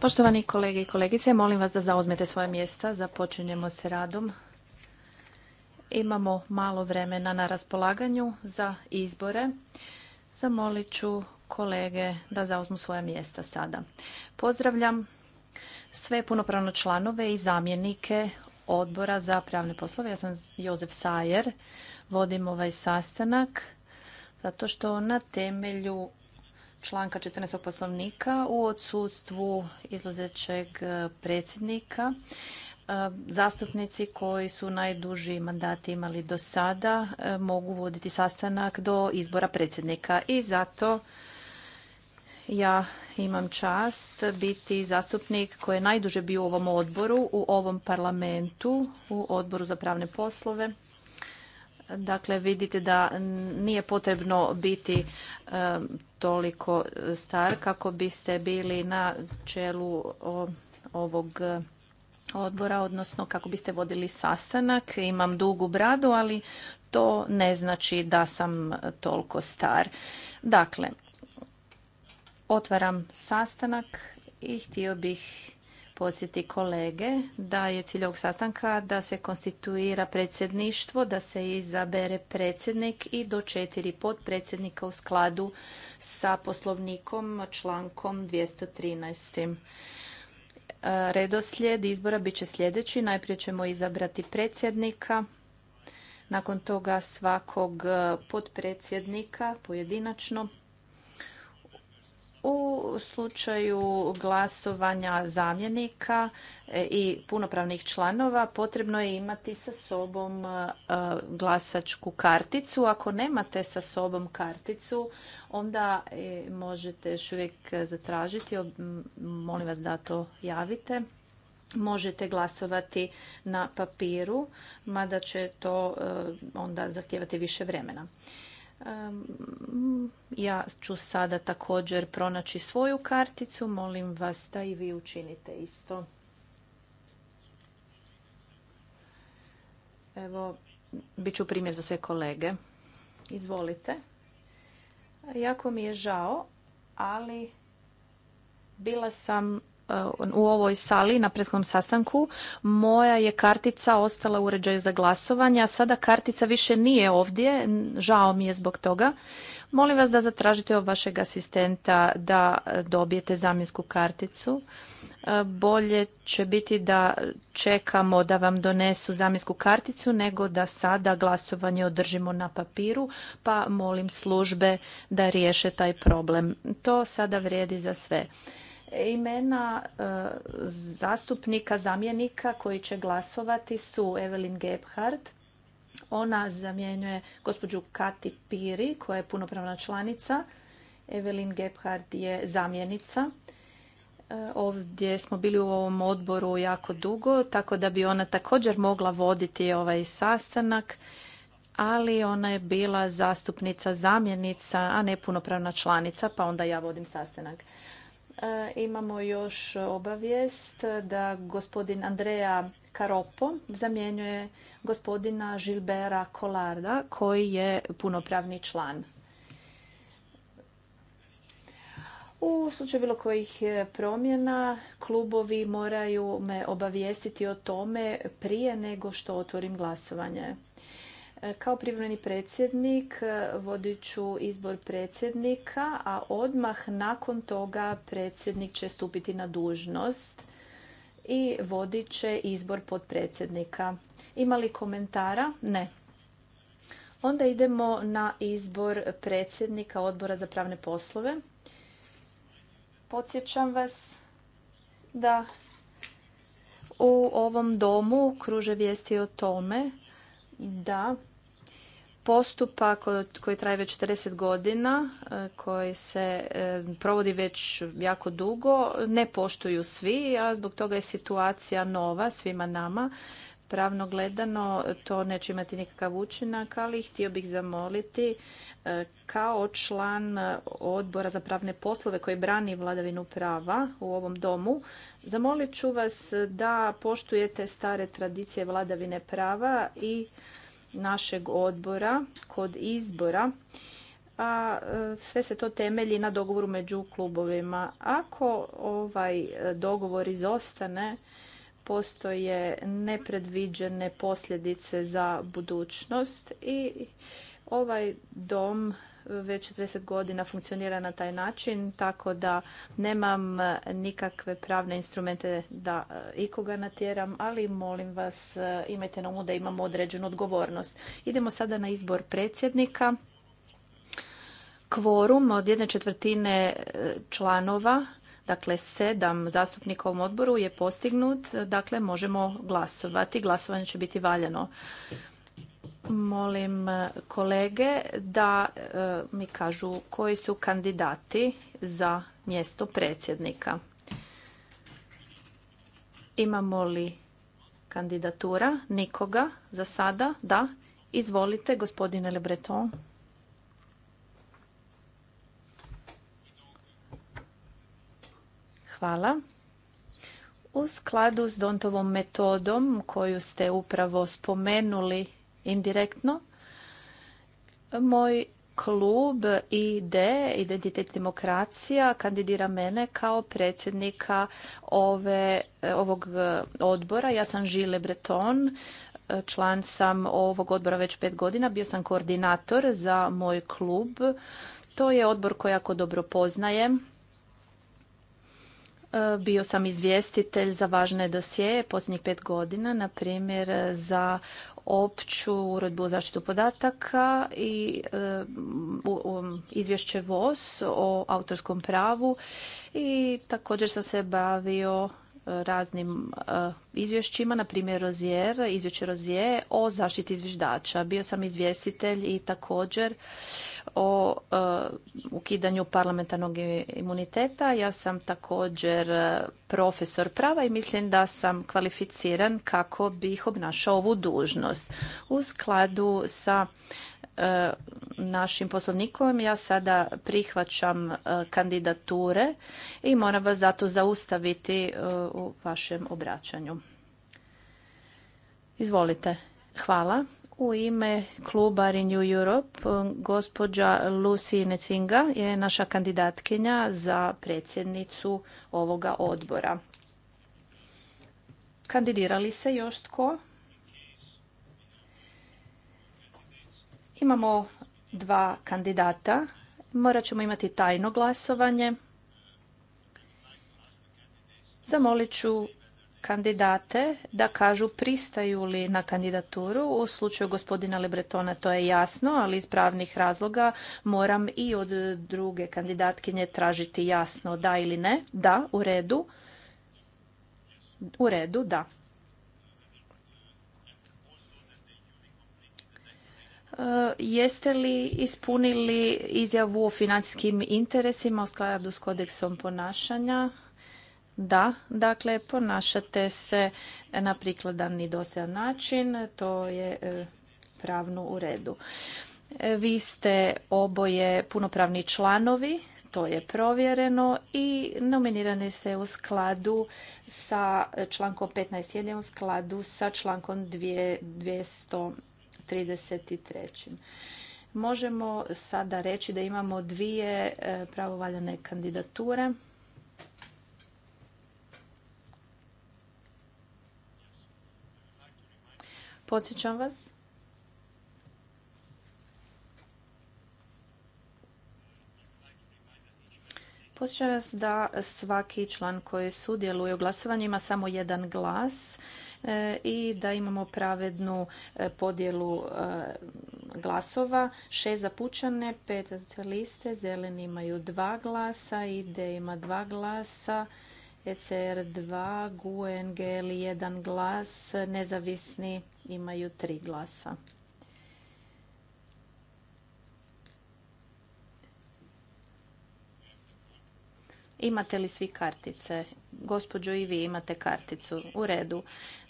Poštovani kolege i kolegice, molim vas da zauzmete svoje mjesta. Započinjemo se radom. Imamo malo vremena na raspolaganju za izbore. Zamolit ću kolege da zauzmu svoja mjesta sada. Pozdravljam sve punopravno članove i zamjenike odbora za pravne poslove. Ja sam Jozef Sajer, vodim ovaj sastanak zato što na temelju članka 14. poslovnika u odsudstvu izlazećeg e, predsjednika e, zastupnici koji su najduži mandat imali do sada e, mogu voditi sastanak do izbora predsjednika i zato ja imam čast biti zastupnik koji je najduže bio u ovom odboru, u ovom parlamentu, u odboru za pravne poslove Dakle, vidite da nije potrebno biti toliko star kako biste bili na čelu ovog e, odbora, odnosno kako biste vodili sastanak. Imam dugu bradu, ali to ne znači da sam toliko star. Dakle, otvaram sastanak i htio bih podsjeti kolege da je cilj ovog sastanka da se konstituira predsjedništvo, da se izabere predsjednik i do četiri potpredsjednika u skladu sa poslovnikom člankom 213. Redoslijed izbora bit će sljedeći. Najprije ćemo izabrati predsjednika, nakon toga svakog potpredsjednika pojedinačno u slučaju glasovanja zamjenika e, i punopravnih članova potrebno je imati sa sobom e, glasačku karticu. Ako nemate sa sobom karticu, onda e, možete još uvijek zatražiti. Molim vas da to javite. Možete glasovati na papiru, mada će to onda zahtijevati više vremena. Ja ću sada također pronaći svoju karticu. Molim vas da i vi učinite isto. Evo, bit ću primjer za sve kolege. Izvolite. Jako mi je žao, ali bila sam E, u ovoj sali na prethodnom sastanku moja je kartica ostala u uređaju za glasovanje, a sada kartica više nije ovdje, žao mi je zbog toga. Molim vas da zatražite od vašeg asistenta da e, dobijete zamjensku karticu. E, bolje će biti da čekamo da vam donesu zamjensku karticu nego da sada glasovanje održimo na papiru, pa molim službe da riješe taj problem. To sada vrijedi za sve. Imena e, zastupnika zamjenika koji će glasovati su Evelyn Gebhardt. Ona zamjenjuje gospođu Kati Piri koja je punopravna članica. Evelyn Gebhardt je zamjenica. E, ovdje smo bili u ovom odboru jako dugo, tako da bi ona također mogla voditi ovaj sastanak, ali ona je bila zastupnica zamjenica, a ne punopravna članica, pa onda ja vodim sastanak. E, imamo još obavijest da gospodin Andreja Karopo zamjenjuje gospodina Žilbera Kolarda koji je punopravni član. U slučaju bilo kojih promjena klubovi moraju me obavijestiti o tome prije nego što otvorim glasovanje. E, kao privremeni predsjednik e, vodit ću izbor predsjednika, a odmah nakon toga predsjednik će stupiti na dužnost i vodit će izbor potpredsjednika. Ima li komentara? Ne. Onda idemo na izbor predsjednika odbora za pravne poslove. Podsjećam vas da u ovom domu kruže vijesti o tome da postupak koji traje već 40 godina, e, koji se e, provodi već jako dugo, ne poštuju svi, a zbog toga je situacija nova svima nama. Pravno gledano to neće imati nikakav učinak, ali htio bih zamoliti e, kao član odbora za pravne poslove koji brani vladavinu prava u ovom domu, zamolit ću vas da poštujete stare tradicije vladavine prava i našeg odbora kod izbora a e, sve se to temelji na dogovoru među klubovima. Ako ovaj e, dogovor izostane, postoje nepredviđene posljedice za budućnost i ovaj dom već 40 godina funkcionira na taj način, tako da nemam nikakve pravne instrumente da e, ikoga natjeram, ali molim vas e, imajte na umu da imamo određenu odgovornost. Idemo sada na izbor predsjednika. Kvorum od jedne četvrtine e, članova, dakle sedam zastupnika u odboru je postignut, dakle možemo glasovati. Glasovanje će biti valjano. Molim e, kolege da e, mi kažu koji su kandidati za mjesto predsjednika. Imamo li kandidatura? Nikoga za sada? Da. Izvolite, gospodine Le Breton. Hvala. U skladu s Dontovom metodom koju ste upravo spomenuli, indirektno. Moj klub ID, Identitet demokracija, kandidira mene kao predsjednika ove, ovog odbora. Ja sam Žile Breton, član sam ovog odbora već pet godina. Bio sam koordinator za moj klub. To je odbor koji jako dobro poznajem E, bio sam izvjestitelj za važne dosjeje posljednjih pet godina, na primjer za opću uredbu o zaštitu podataka i e, izvješće VOS o autorskom pravu i također sam se bavio raznim eh, izvješćima, na primjer Rozier, izvješće Rozier o zaštiti zviždača. Bio sam izvjestitelj i također o eh, ukidanju parlamentarnog imuniteta. Ja sam također eh, profesor prava i mislim da sam kvalificiran kako bih obnašao ovu dužnost. U skladu sa E, našim poslovnikom. Ja sada prihvaćam e, kandidature i moram vas zato zaustaviti e, u vašem obraćanju. Izvolite. Hvala. U ime kluba Renew Europe gospođa Lucy Necinga je naša kandidatkinja za predsjednicu ovoga odbora. Kandidirali se još tko? Imamo dva kandidata. Morat ćemo imati tajno glasovanje. Zamolit ću kandidate da kažu pristaju li na kandidaturu. U slučaju gospodina Lebretona to je jasno, ali iz pravnih razloga moram i od druge kandidatkinje tražiti jasno da ili ne. Da, u redu. U redu, da. E, jeste li ispunili izjavu o financijskim interesima u skladu s kodeksom ponašanja? Da, dakle ponašate se na prikladan i dostajan način, to je e, pravno u redu. E, vi ste oboje punopravni članovi, to je provjereno i nominirani ste u skladu sa člankom 15.1 u skladu sa člankom 200 33. Možemo sada reći da imamo dvije e, pravovaljane kandidature. Podsjećam vas Podsjećam vas da svaki član koji sudjeluje u glasovanju ima samo jedan glas E, i da imamo pravednu e, podjelu e, glasova. Šest za pučane, pet za zeleni imaju dva glasa, ide ima dva glasa, ECR 2, GUE, jedan 1 glas, nezavisni imaju tri glasa. Imate li svi kartice? Gospođo, i vi imate karticu. U redu.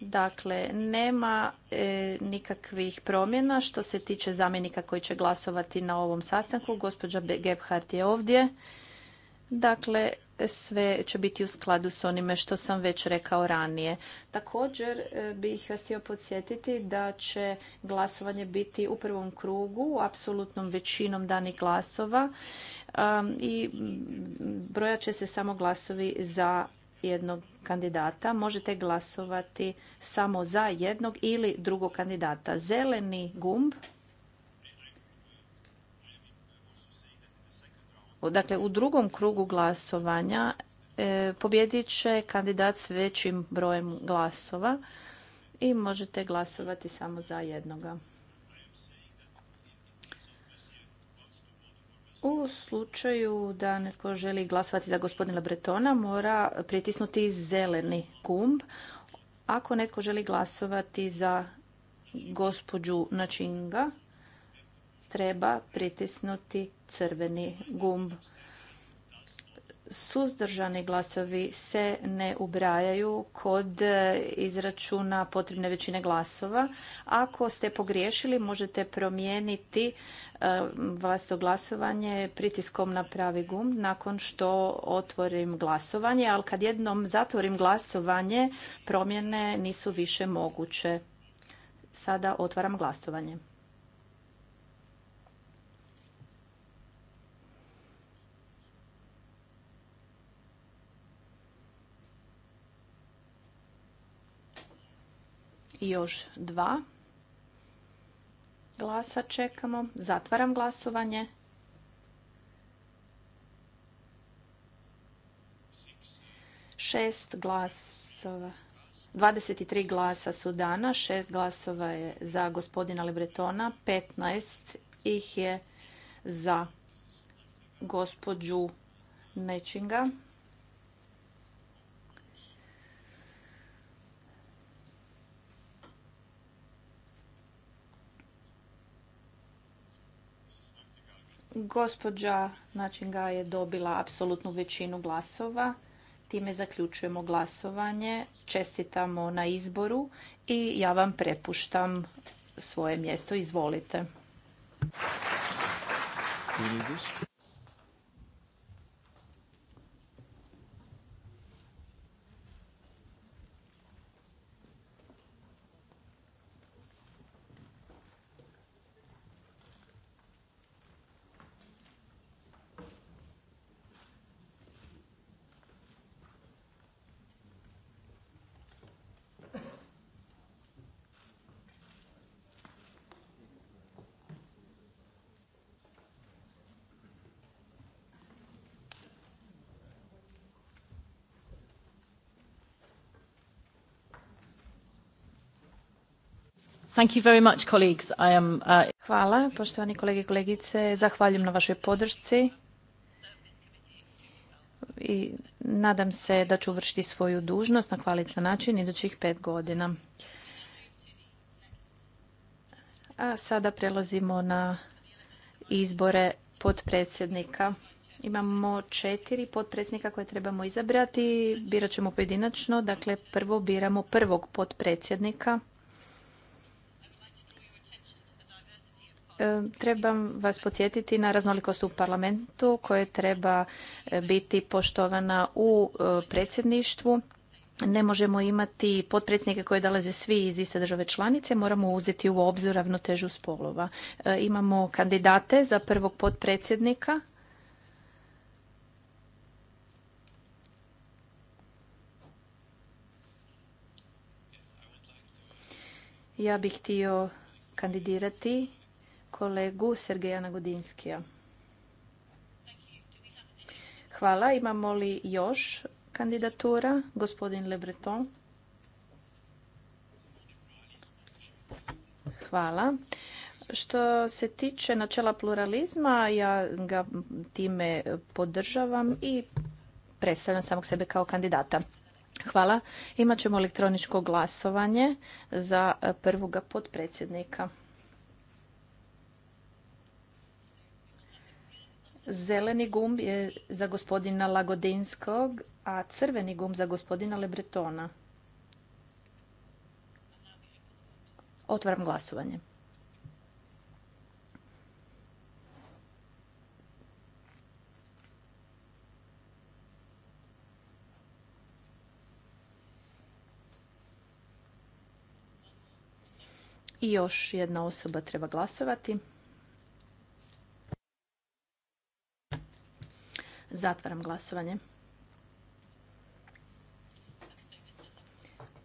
Dakle, nema e, nikakvih promjena što se tiče zamjenika koji će glasovati na ovom sastanku. Gospođa Gebhardt je ovdje. Dakle, sve će biti u skladu s onime što sam već rekao ranije. Također e, bih vas htio podsjetiti da će glasovanje biti u prvom krugu, apsolutnom većinom danih glasova i broja će se samo glasovi za jednog kandidata možete glasovati samo za jednog ili drugog kandidata. Zeleni gumb Dakle, u drugom krugu glasovanja e, pobjedit će kandidat s većim brojem glasova i možete glasovati samo za jednoga. U slučaju da netko želi glasovati za gospodina Bretona, mora pritisnuti zeleni gumb. Ako netko želi glasovati za gospođu Načinga, treba pritisnuti crveni gumb suzdržani glasovi se ne ubrajaju kod e, izračuna potrebne većine glasova. Ako ste pogriješili, možete promijeniti e, vlastito glasovanje pritiskom na pravi gum nakon što otvorim glasovanje, ali kad jednom zatvorim glasovanje, promjene nisu više moguće. Sada otvaram glasovanje. još dva glasa čekamo. Zatvaram glasovanje. Šest glasova. 23 glasa su dana, šest glasova je za gospodina Libretona, 15 ih je za gospođu Nečinga. Gospođa znači, ga je dobila apsolutnu većinu glasova. Time zaključujemo glasovanje. Čestitamo na izboru i ja vam prepuštam svoje mjesto. Izvolite. Thank you very much, colleagues. I am, uh, Hvala, poštovani kolege i kolegice. Zahvaljujem na vašoj podršci i nadam se da ću vršiti svoju dužnost na kvalitetan način idućih pet godina. A sada prelazimo na izbore potpredsjednika. Imamo četiri potpredsjednika koje trebamo izabrati. Birat ćemo pojedinačno. Dakle, prvo biramo prvog potpredsjednika. E, trebam vas podsjetiti na raznolikost u parlamentu koja treba e, biti poštovana u e, predsjedništvu. Ne možemo imati potpredsjednike koje dolaze svi iz iste države članice, moramo uzeti u obzir ravnotežu spolova. Imamo kandidate za prvog potpredsjednika. Ja bih htio kandidirati kolegu Sergeja Nagodinskija. Hvala. Imamo li još kandidatura? Gospodin Le Breton. Hvala. Što se tiče načela pluralizma, ja ga time podržavam i predstavljam samog sebe kao kandidata. Hvala. Imaćemo elektroničko glasovanje za prvoga potpredsjednika. Zeleni gumb je za gospodina Lagodinskog, a crveni gumb za gospodina Lebretona. Otvaram glasovanje. I još jedna osoba treba glasovati. Zatvaram glasovanje.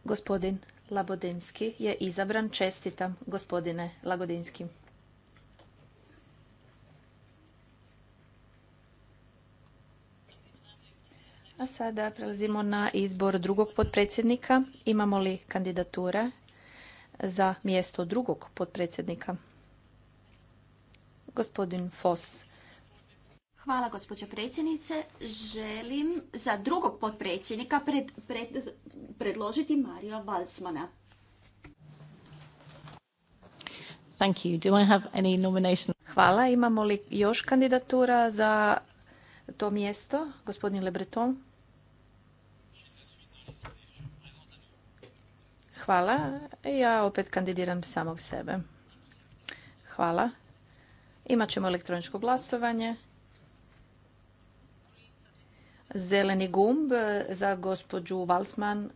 Gospodin Labodinski je izabran. Čestitam gospodine Lagodinski. A sada prelazimo na izbor drugog potpredsjednika. Imamo li kandidature za mjesto drugog potpredsjednika? Gospodin Foss Hvala gospođo predsjednice. Želim za drugog potpredsjednika predložiti Mario Valcmana. Hvala. Imamo li još kandidatura za to mjesto? Gospodin Breton? Hvala. Ja opet kandidiram samog sebe. Hvala. Imat ćemo elektroničko glasovanje zeleni gumb e, za gospođu Valsman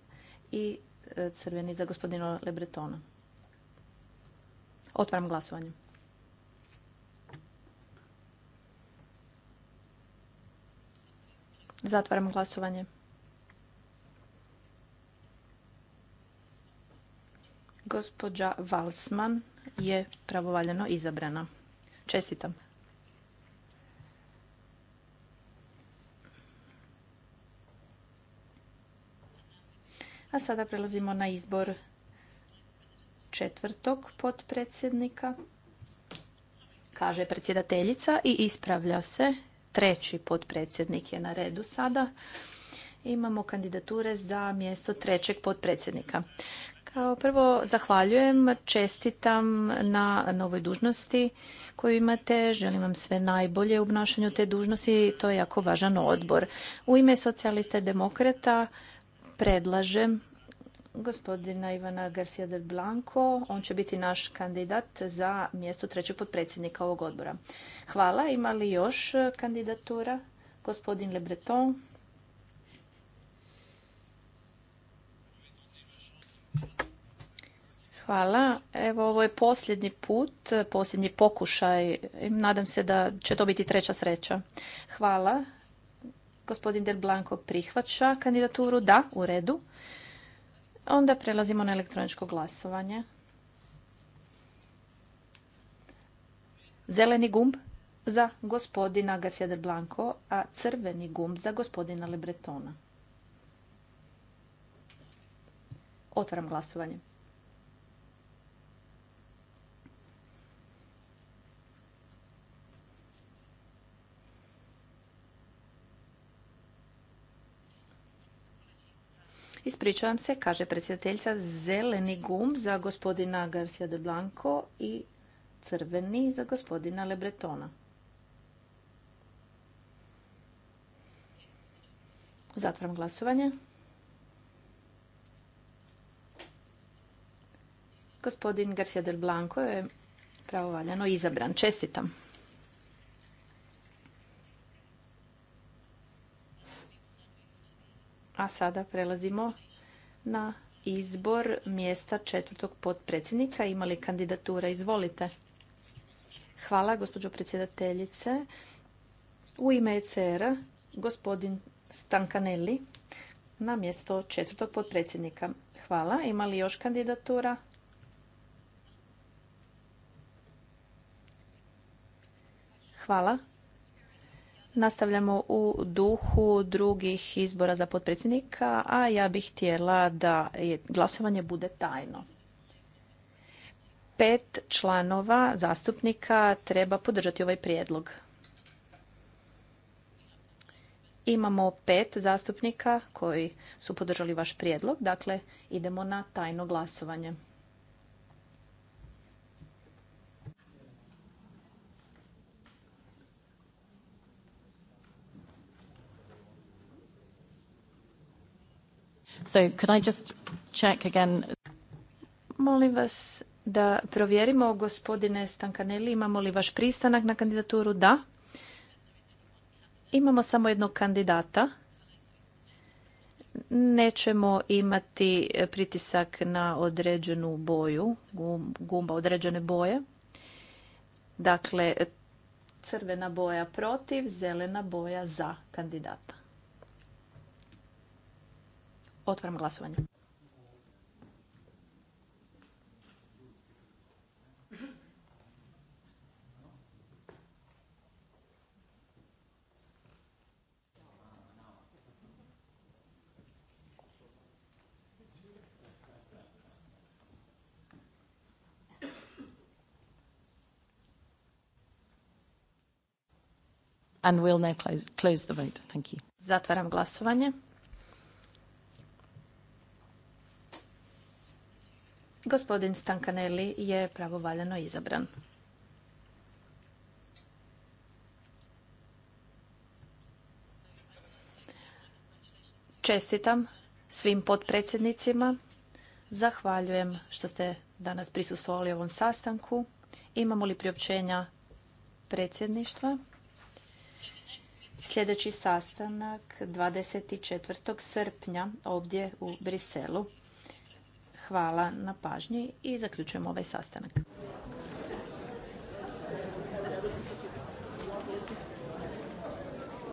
i e, crveni za gospodina Lebretona. Otvaram glasovanje. Zatvaram glasovanje. Gospođa Valsman je pravovaljeno izabrana. Čestitam. A sada prelazimo na izbor četvrtog potpredsjednika. Kaže predsjedateljica i ispravlja se. Treći potpredsjednik je na redu sada. Imamo kandidature za mjesto trećeg potpredsjednika. Kao prvo zahvaljujem, čestitam na novoj dužnosti koju imate. Želim vam sve najbolje u obnašanju te dužnosti. To je jako važan odbor. U ime socijalista i demokrata predlažem gospodina Ivana Garcia del Blanco. On će biti naš kandidat za mjesto trećeg potpredsjednika ovog odbora. Hvala. Ima li još kandidatura? Gospodin Le Breton. Hvala. Evo, ovo je posljednji put, posljednji pokušaj. Nadam se da će to biti treća sreća. Hvala Gospodin Del Blanco prihvaća kandidaturu. Da, u redu. Onda prelazimo na elektroničko glasovanje. Zeleni gumb za gospodina Garcia Del Blanco, a crveni gumb za gospodina Lebretona. Otvaram glasovanje. Ispričavam se, kaže predsjedateljica, zeleni gum za gospodina Garcia de Blanco i crveni za gospodina Lebretona. Zatvaram glasovanje. Gospodin Garcia del Blanco je pravovaljano izabran. Čestitam. A sada prelazimo na izbor mjesta četvrtog potpredsjednika. Ima li kandidatura? Izvolite. Hvala, gospođo predsjedateljice. U ime ecr gospodin Stankanelli na mjesto četvrtog potpredsjednika. Hvala. Ima li još kandidatura? Hvala. Nastavljamo u duhu drugih izbora za potpredsjednika, a ja bih htjela da glasovanje bude tajno. Pet članova zastupnika treba podržati ovaj prijedlog. Imamo pet zastupnika koji su podržali vaš prijedlog, dakle idemo na tajno glasovanje. So could I just check again? Molim vas da provjerimo, gospodine Stankaneli, imamo li vaš pristanak na kandidaturu? Da. Imamo samo jednog kandidata. Nećemo imati eh, pritisak na određenu boju, gumba određene boje. Dakle, crvena boja protiv, zelena boja za kandidata. Otvaram glasovanje. And we'll now close, close the vote. Thank you. Zatvaram glasovanje. Gospodin Stankaneli je pravovaljano izabran. Čestitam svim potpredsjednicima. Zahvaljujem što ste danas prisustvovali ovom sastanku. Imamo li priopćenja predsjedništva? Sljedeći sastanak 24. srpnja ovdje u Briselu. Hvala na pažnji i zaključujemo ovaj sastanak.